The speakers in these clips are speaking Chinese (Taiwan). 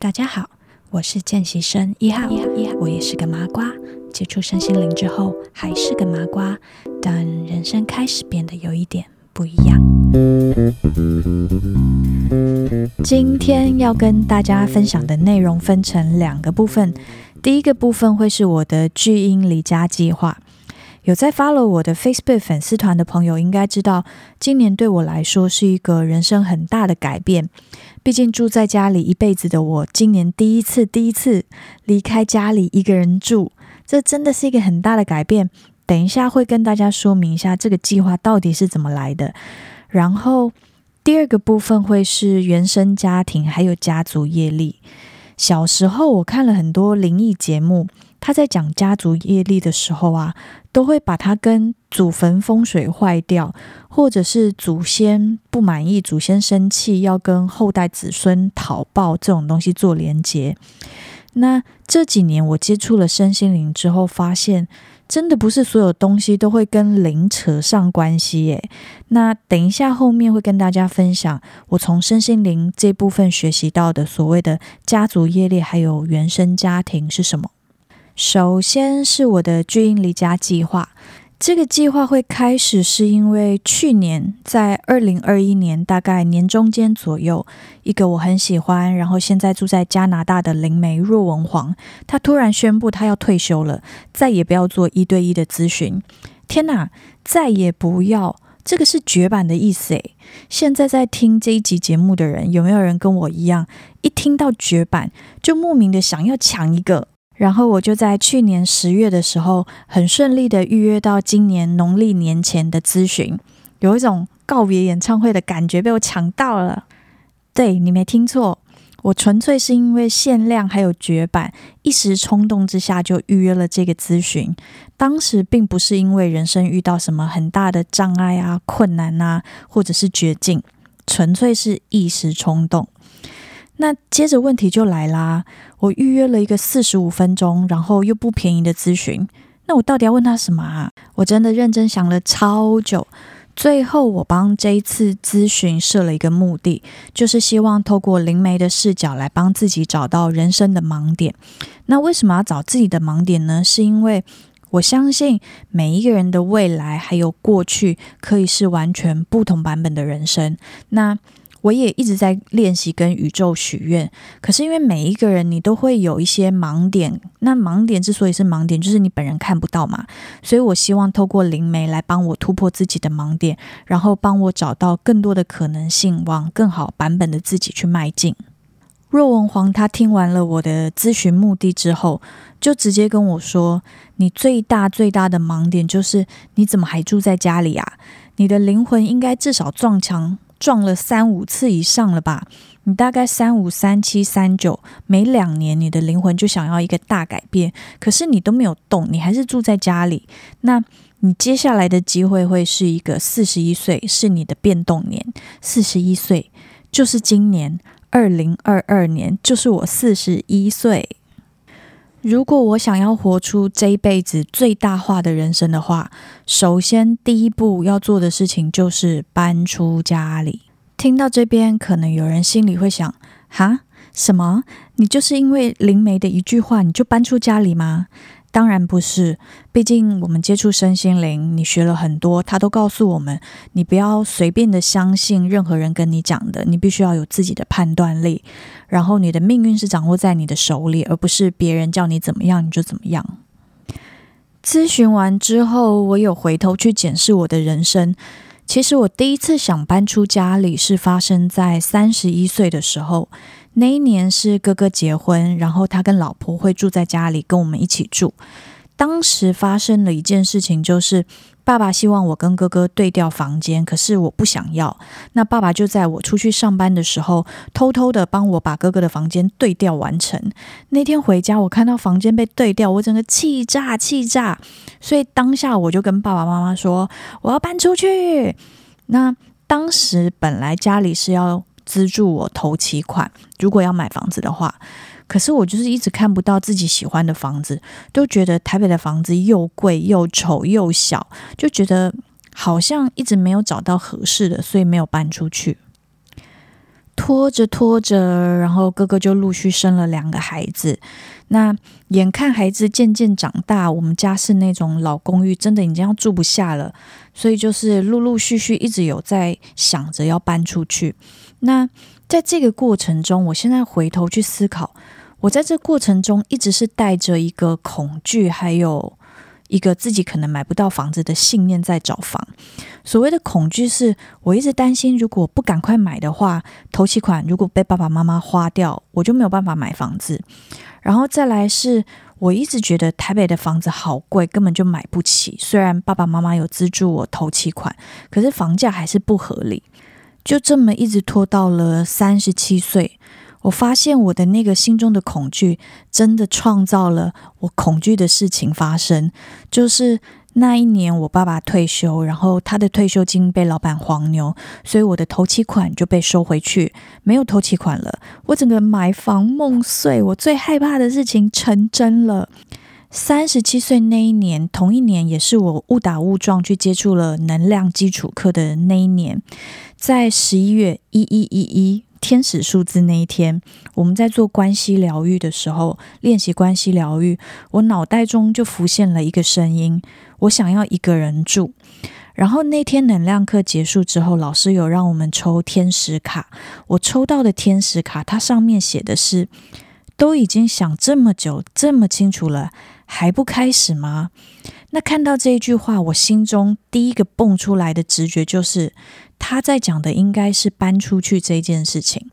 大家好，我是見習生一號一號，一號，我也是個麻瓜。接觸身心靈之後，還是個麻瓜，但人生開始變得有一點不一樣。今天要跟大家分享的內容分成兩個部分，第一個部分會是我的巨嬰離家計劃。有在 follow 我的 Facebook 粉絲團的朋友應該知道，今年對我來說是一個人生很大的改變。畢竟住在家裡一輩子的我，今年第一次第一次離開家裡一個人住，這真的是一個很大的改變。等一下會跟大家說明一下這個計劃到底是怎麼來的。然後第二個部分會是原生家庭還有家族業力。小時候我看了很多靈異節目。他在講家族業力的時候啊，都會把它跟祖墳風水壞掉，或者是祖先不滿意、祖先生氣，要跟後代子孫討報這種東西做連接。那這幾年我接觸了身心靈之後，發現真的不是所有東西都會跟靈扯上關係耶。那等一下後面會跟大家分享，我從身心靈這部分學習到的所謂的家族業力，還有原生家庭是什麼。首先是我的巨嬰離家計劃。這個計劃會開始，是因為去年在二零二一年大概年中間左右，一個我很喜歡，然後現在住在加拿大的靈媒若文黃，他突然宣布他要退休了，再也不要做一對一的諮詢。天哪，再也不要！這個是絕版的意思誒。現在在聽這一集節目的人，有沒有人跟我一樣，一聽到絕版就莫名的想要搶一個？然後我就在去年十月的時候，很順利的預約到今年農曆年前的諮詢，有一種告別演唱會的感覺被我搶到了。對，你沒聽錯，我純粹是因為限量還有絕版，一時衝動之下就預約了這個諮詢。當時並不是因為人生遇到什麼很大的障礙啊、困難啊，或者是絕境，純粹是一時衝動。那接着問題就來啦，我預約了一個四十五分鐘，然後又不便宜的諮詢，那我到底要問他什麼啊？我真的認真想了超久，最後我幫這一次諮詢設了一個目的，就是希望透過靈媒的視角來幫自己找到人生的盲點。那為什麼要找自己的盲點呢？是因為我相信每一個人的未來還有過去可以是完全不同版本的人生。那我也一直在練習跟宇宙許願，可是因為每一個人你都會有一些盲點，那盲點之所以是盲點，就是你本人看不到嘛，所以我希望透過靈媒來幫我突破自己的盲點，然後幫我找到更多的可能性，往更好版本的自己去邁進。若文皇他聽完了我的諮詢目的之後，就直接跟我說：“你最大最大的盲點就是你怎麼還住在家裡啊？你的靈魂應該至少撞牆。”撞了三五次以上了吧？你大概三五、三七、三九，每兩年你的靈魂就想要一個大改變，可是你都沒有動，你還是住在家裡。那你接下來的機會會是一個四十一歲，是你的變動年。四十一歲就是今年，二零二二年，就是我四十一歲。如果我想要活出這一輩子最大化的人生的話，首先第一步要做的事情就是搬出家裡。聽到這邊，可能有人心裡會想：哈，什麼？你就是因為靈媒的一句話，你就搬出家裡嗎？當然不是，畢竟我們接觸身心靈，你學了很多，他都告訴我們，你不要隨便的相信任何人跟你講的，你必須要有自己的判斷力。然後你的命運是掌握在你的手裡，而不是別人叫你怎麼樣，你就怎麼樣。諮詢完之後，我有回頭去檢視我的人生。其實我第一次想搬出家裡是發生在三十一歲的時候。那一年是哥哥結婚，然後他跟老婆會住在家裡，跟我們一起住。當時發生了一件事情，就是爸爸希望我跟哥哥對調房間，可是我不想要。那爸爸就在我出去上班的時候，偷偷的幫我把哥哥的房間對調完成。那天回家，我看到房間被對調，我整個氣炸氣炸。所以當下我就跟爸爸媽媽說，我要搬出去。那當時本來家裡是要資助我頭期款，如果要買房子的話，可是我就是一直看不到自己喜歡的房子，都覺得台北的房子又貴又醜又小，就覺得好像一直沒有找到合適的，所以沒有搬出去。拖着拖着，然後哥哥就陸續生了兩個孩子。那眼看孩子漸漸長大，我們家是那種老公寓，真的已經要住不下了，所以就是陸陸續續一直有在想着要搬出去。那在這個過程中，我現在回頭去思考，我在這個過程中一直是帶着一個恐懼，還有一個自己可能買不到房子的信念在找房。所謂的恐懼是我一直擔心，如果不趕快買的話，頭期款如果被爸爸媽媽花掉，我就沒有辦法買房子。然後再來是我一直覺得台北的房子好貴，根本就買不起。雖然爸爸媽媽有資助我頭期款，可是房價還是不合理。就這麼一直拖到了三十七歲，我發現我的那個心中的恐懼真的創造了我恐懼的事情發生。就是那一年，我爸爸退休，然後他的退休金被老闆黃牛，所以我的頭期款就被收回去，沒有頭期款了。我整個買房夢碎，我最害怕的事情成真了。三十七歲那一年，同一年也是我誤打誤撞去接觸了能量基礎課的那一年。在十一月一一一一天使數字那一天，我們在做關係療癒的時候，練習關係療癒，我腦袋中就浮現了一個聲音：我想要一個人住。然後那天能量課結束之後，老師有讓我們抽天使卡，我抽到的天使卡，它上面寫的是：都已經想這麼久這麼清楚了，還不開始嗎？那看到這一句話，我心中第一個蹦出來的直覺就是。他在講的應該是搬出去這件事情，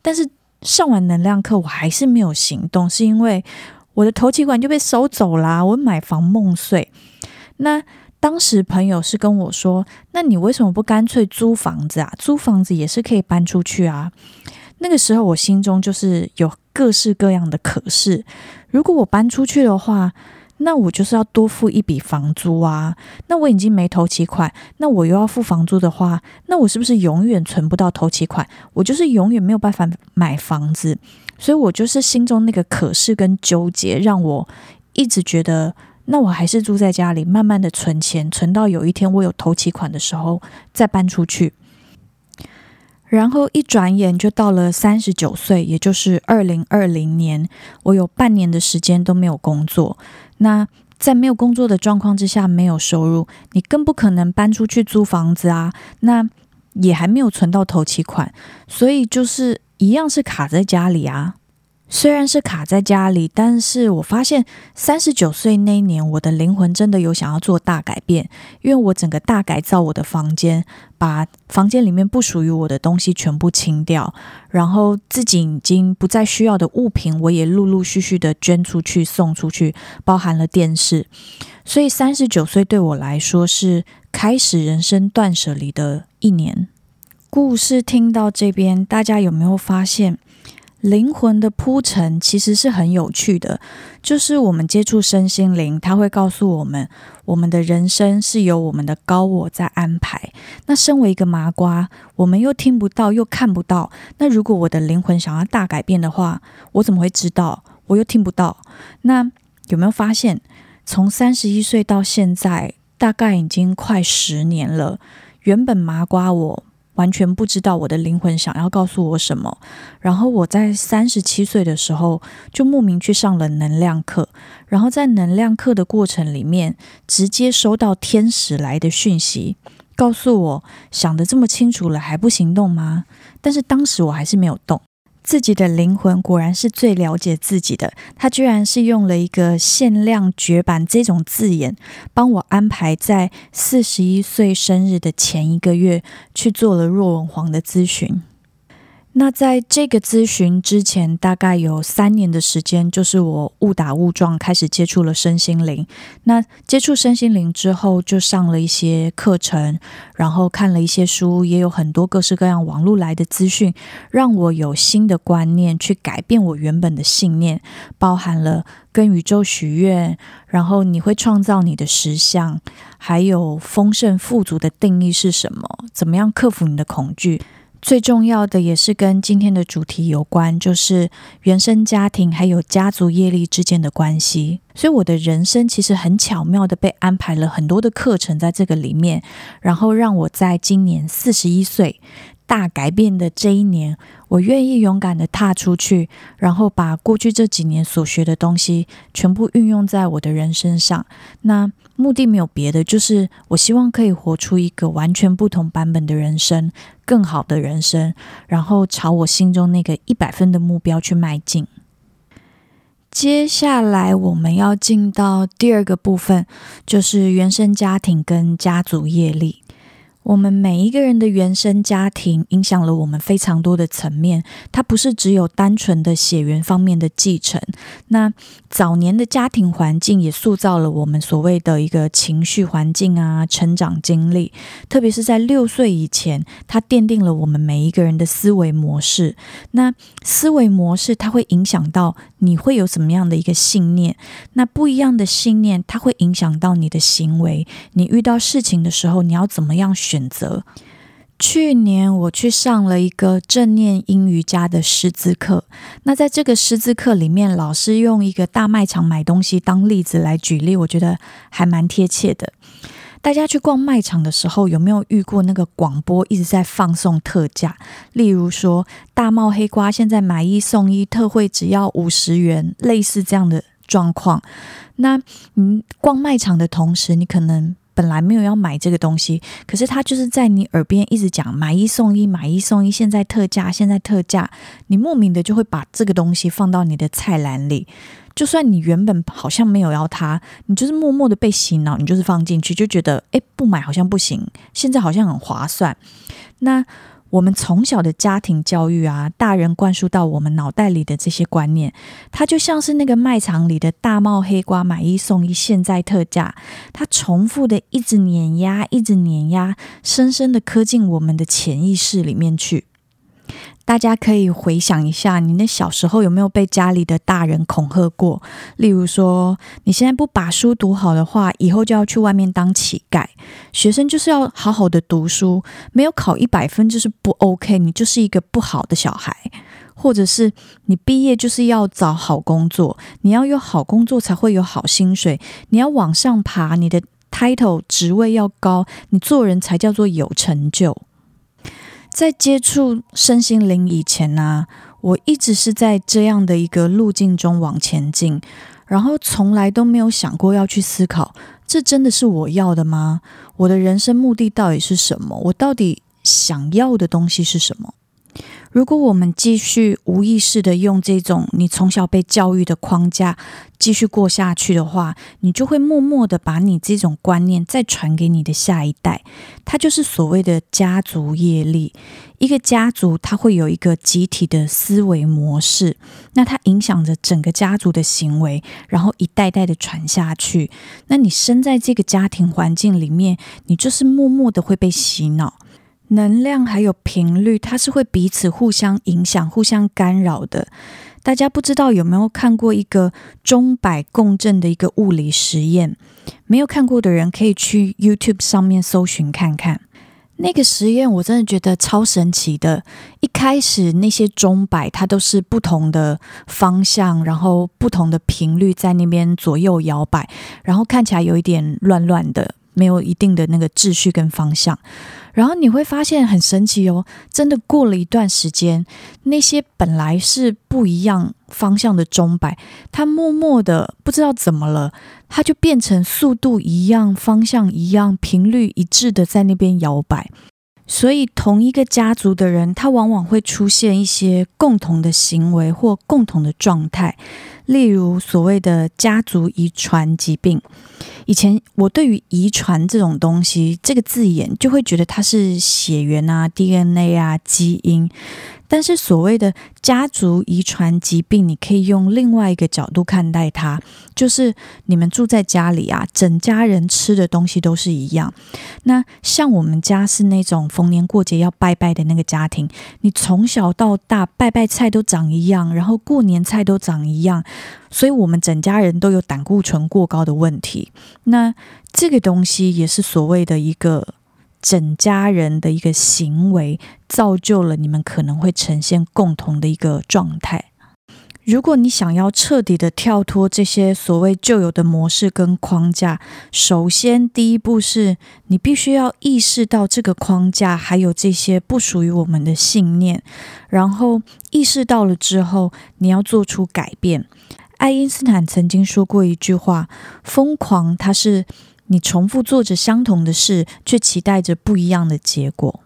但是上完能量課我還是沒有行動，是因為我的頭期款就被收走啦，我買房夢碎。那當時朋友是跟我說：“那你為什麼不乾脆租房子啊？租房子也是可以搬出去啊。”那個時候我心中就是有各式各樣的可是，如果我搬出去的話。那我就是要多付一筆房租啊！那我已經沒頭期款，那我又要付房租的話，那我是不是永遠存不到頭期款？我就是永遠沒有辦法買房子，所以我就是心中那個可是跟糾結，讓我一直覺得，那我還是住在家裡，慢慢的存錢，存到有一天我有頭期款的時候再搬出去。然後一轉眼就到了三十九歲，也就是二零二零年，我有半年的時間都沒有工作。那在沒有工作的狀況之下，沒有收入，你更不可能搬出去租房子啊。那也還沒有存到頭期款，所以就是一樣是卡在家裡啊。雖然是卡在家裡，但是我發現三十九歲那一年，我的靈魂真的有想要做大改變，因為我整個大改造我的房間，把房間裡面不屬於我的東西全部清掉，然後自己已經不再需要的物品，我也陸陸續續的捐出去、送出去，包含了電視，所以三十九歲對我來說是開始人生斷捨離的一年。故事聽到這邊，大家有沒有發現？靈魂的鋪陳其實是很有趣的，就是我們接觸身心靈，它會告訴我們，我們的人生是由我們的高我在安排。那身為一個麻瓜，我們又聽不到，又看不到。那如果我的靈魂想要大改變的話，我怎麼會知道？我又聽不到。那有沒有發現，從三十一歲到現在，大概已經快十年了，原本麻瓜我。完全不知道我的靈魂想要告訴我什麼。然後我在三十七歲的時候，就莫名去上了能量課。然後在能量課的過程裡面，直接收到天使來的訊息，告訴我想得這麼清楚了，還不行動嗎？但是當時我還是沒有動。自己的靈魂果然是最了解自己的。他居然是用了一個限量絕版這種字眼，幫我安排在四十一歲生日的前一個月去做了若文黃的諮詢。那在這個諮詢之前，大概有三年的時間，就是我誤打誤撞開始接觸了身心靈。那接觸身心靈之後，就上了一些課程，然後看了一些書，也有很多各式各樣網絡來的資訊，讓我有新的觀念去改變我原本的信念，包含了跟宇宙許願，然後你會創造你的實相，還有豐盛富足的定義是什麼，怎麼樣克服你的恐懼。最重要的也是跟今天的主題有關，就是原生家庭還有家族業力之間的關係。所以我的人生其實很巧妙的被安排了很多的課程在這個裡面，然後讓我在今年四十一歲大改變的這一年，我願意勇敢的踏出去，然後把過去這幾年所學的東西全部運用在我的人生上。那。目的沒有別的，就是我希望可以活出一個完全不同版本的人生，更好的人生，然後朝我心中那個一百分的目標去邁進。接下來我們要進到第二個部分，就是原生家庭跟家族業力。我們每一個人的原生家庭影響了我們非常多的層面，它不是只有單純的血緣方面的繼承。那早年的家庭環境也塑造了我們所謂的一個情緒環境啊、成長經歷，特別是在六歲以前，它奠定了我們每一個人的思維模式。那思維模式它會影響到你會有什麼樣的一個信念。那不一樣的信念它會影響到你的行為，你遇到事情的時候你要怎麼樣選。選擇去年我去上了一個正念英語家的師資課，那在這個師資課裡面，老師用一個大賣場買東西當例子來舉例，我覺得還蠻貼切的。大家去逛賣場的時候，有沒有遇過那個廣播一直在放送特價？例如說，大茂黑瓜現在買一送一，特惠只要五十元，類似這樣的狀況。那你、嗯、逛賣場的同時，你可能。本來沒有要買這個東西，可是他就是在你耳邊一直講“買一送一，買一送一”，現在特價，現在特價，你莫名的就會把這個東西放到你的菜籃裡。就算你原本好像沒有要它，你就是默默的被洗腦，你就是放進去，就覺得誒，不買好像不行，現在好像很划算。那我們從小的家庭教育啊，大人灌輸到我們腦袋裡的這些觀念，它就像是那個賣場裡的大茂黑瓜買一送一，現在特價，它重複的一直碾壓，一直碾壓，深深的刻進我們的潛意識裡面去。大家可以回想一下，你那小時候有沒有被家裡的大人恐嚇過？例如說，你現在不把書讀好的話，以後就要去外面當乞丐。學生就是要好好的讀書，沒有考一百分就是不 OK，你就是一個不好的小孩。或者是你畢業就是要找好工作，你要有好工作才會有好薪水，你要往上爬，你的 title 職位要高，你做人才叫做有成就。在接觸身心靈以前呢，我一直是在這樣的一個路徑中往前進，然後從來都沒有想過要去思考，這真的是我要的嗎？我的人生目的到底是什麼？我到底想要的東西是什麼？如果我們繼續無意識的用這種你從小被教育的框架繼續過下去的話，你就會默默的把你這種觀念再傳給你的下一代，它就是所謂的家族業力。一個家族它會有一個集體的思維模式，那它影響着整個家族的行為，然後一代代的傳下去。那你生在這個家庭環境裡面，你就是默默的會被洗腦。能量還有頻率，它是會彼此互相影響、互相干擾的。大家不知道有沒有看過一個鐘擺共振的一個物理實驗？沒有看過的人可以去 YouTube 上面搜尋看看。那個實驗我真的覺得超神奇的。一開始那些鐘擺它都是不同的方向，然後不同的頻率在那邊左右搖擺，然後看起來有一點亂亂的，沒有一定的那個秩序跟方向。然後你會發現很神奇哦，真的過了一段時間，那些本來是不一樣方向的鐘擺，它默默的不知道怎麼了，它就變成速度一樣、方向一樣、頻率一致的在那邊搖擺。所以同一個家族的人，他往往會出現一些共同的行為或共同的狀態。例如所謂的家族遺傳疾病，以前我對於遺傳這種東西，這個字眼就會覺得它是血緣啊、DNA 啊、基因。但是所謂的家族遺傳疾病，你可以用另外一個角度看待它，就是你們住在家裡啊，整家人吃的東西都是一樣。那像我們家是那種逢年過節要拜拜的那個家庭，你從小到大拜拜菜都長一樣，然後過年菜都長一樣，所以我們整家人都有膽固醇過高的問題。那這個東西也是所謂的一個。整家人的一個行為造就了你們可能會呈現共同的一個狀態。如果你想要徹底的跳脫這些所謂舊有的模式跟框架，首先第一步是你必須要意識到這個框架還有這些不屬於我們的信念，然後意識到了之後，你要做出改變。愛因斯坦曾經說過一句話：“瘋狂它是。”你重複做着相同的事，卻期待着不一樣的結果。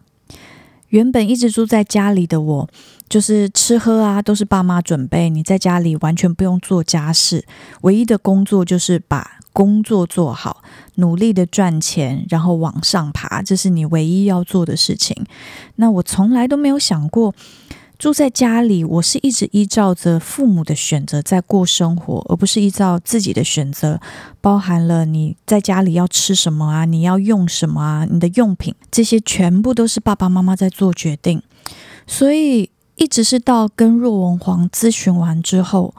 原本一直住在家裡的我，就是吃喝啊，都是爸媽準備。你在家裡完全不用做家事，唯一的工作就是把工作做好，努力的賺錢，然後往上爬，這是你唯一要做的事情。那我從來都沒有想過。住在家裡，我是一直依照着父母的選擇在過生活，而不是依照自己的選擇。包含了你在家裡要吃什麼啊，你要用什麼啊，你的用品這些全部都是爸爸媽媽在做決定。所以一直是到跟若文皇諮詢完之後，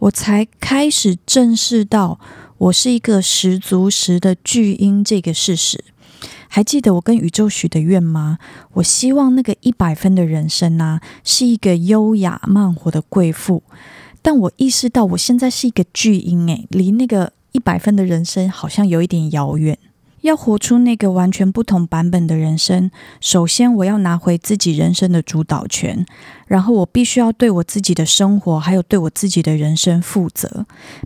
我才開始正視到我是一個十足十的巨嬰這個事實。還記得我跟宇宙許的願嗎？我希望那個一百分的人生吶、啊，是一個優雅慢活的貴婦。但我意識到我現在是一個巨嬰，誒，離那個一百分的人生好像有一點遙遠。要活出那個完全不同版本的人生，首先我要拿回自己人生的主導權，然後我必須要對我自己的生活，還有對我自己的人生負責。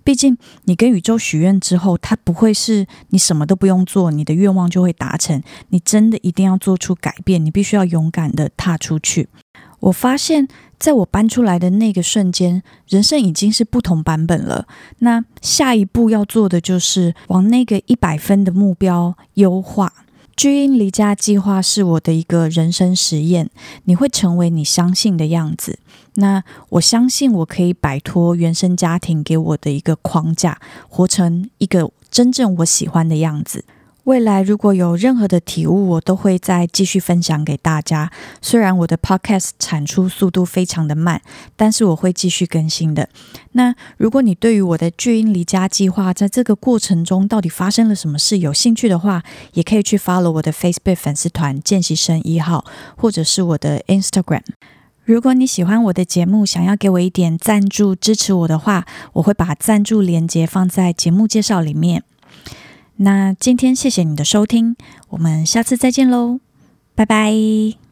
畢竟你跟宇宙許願之後，它不會是你什麼都不用做，你的願望就會達成。你真的一定要做出改變，你必須要勇敢的踏出去。我發現，在我搬出來的那個瞬間，人生已經是不同版本了。那下一步要做的就是往那個一百分的目標優化。巨嬰離家計劃是我的一個人生實驗。你會成為你相信的樣子。那我相信我可以擺脫原生家庭給我的一個框架，活成一個真正我喜歡的樣子。未來如果有任何的體悟，我都會再繼續分享給大家。雖然我的 Podcast 產出速度非常的慢，但是我會繼續更新的。那如果你對於我的巨嬰離家計劃在這個過程中到底發生了什麼事有興趣的話，也可以去 follow 我的 Facebook 粉絲團“見習生一號”或者是我的 Instagram。如果你喜歡我的節目，想要給我一點贊助支持我的話，我會把贊助連結放在節目介紹裡面。那今天謝謝你的收聽，我們下次再見嘍，拜拜。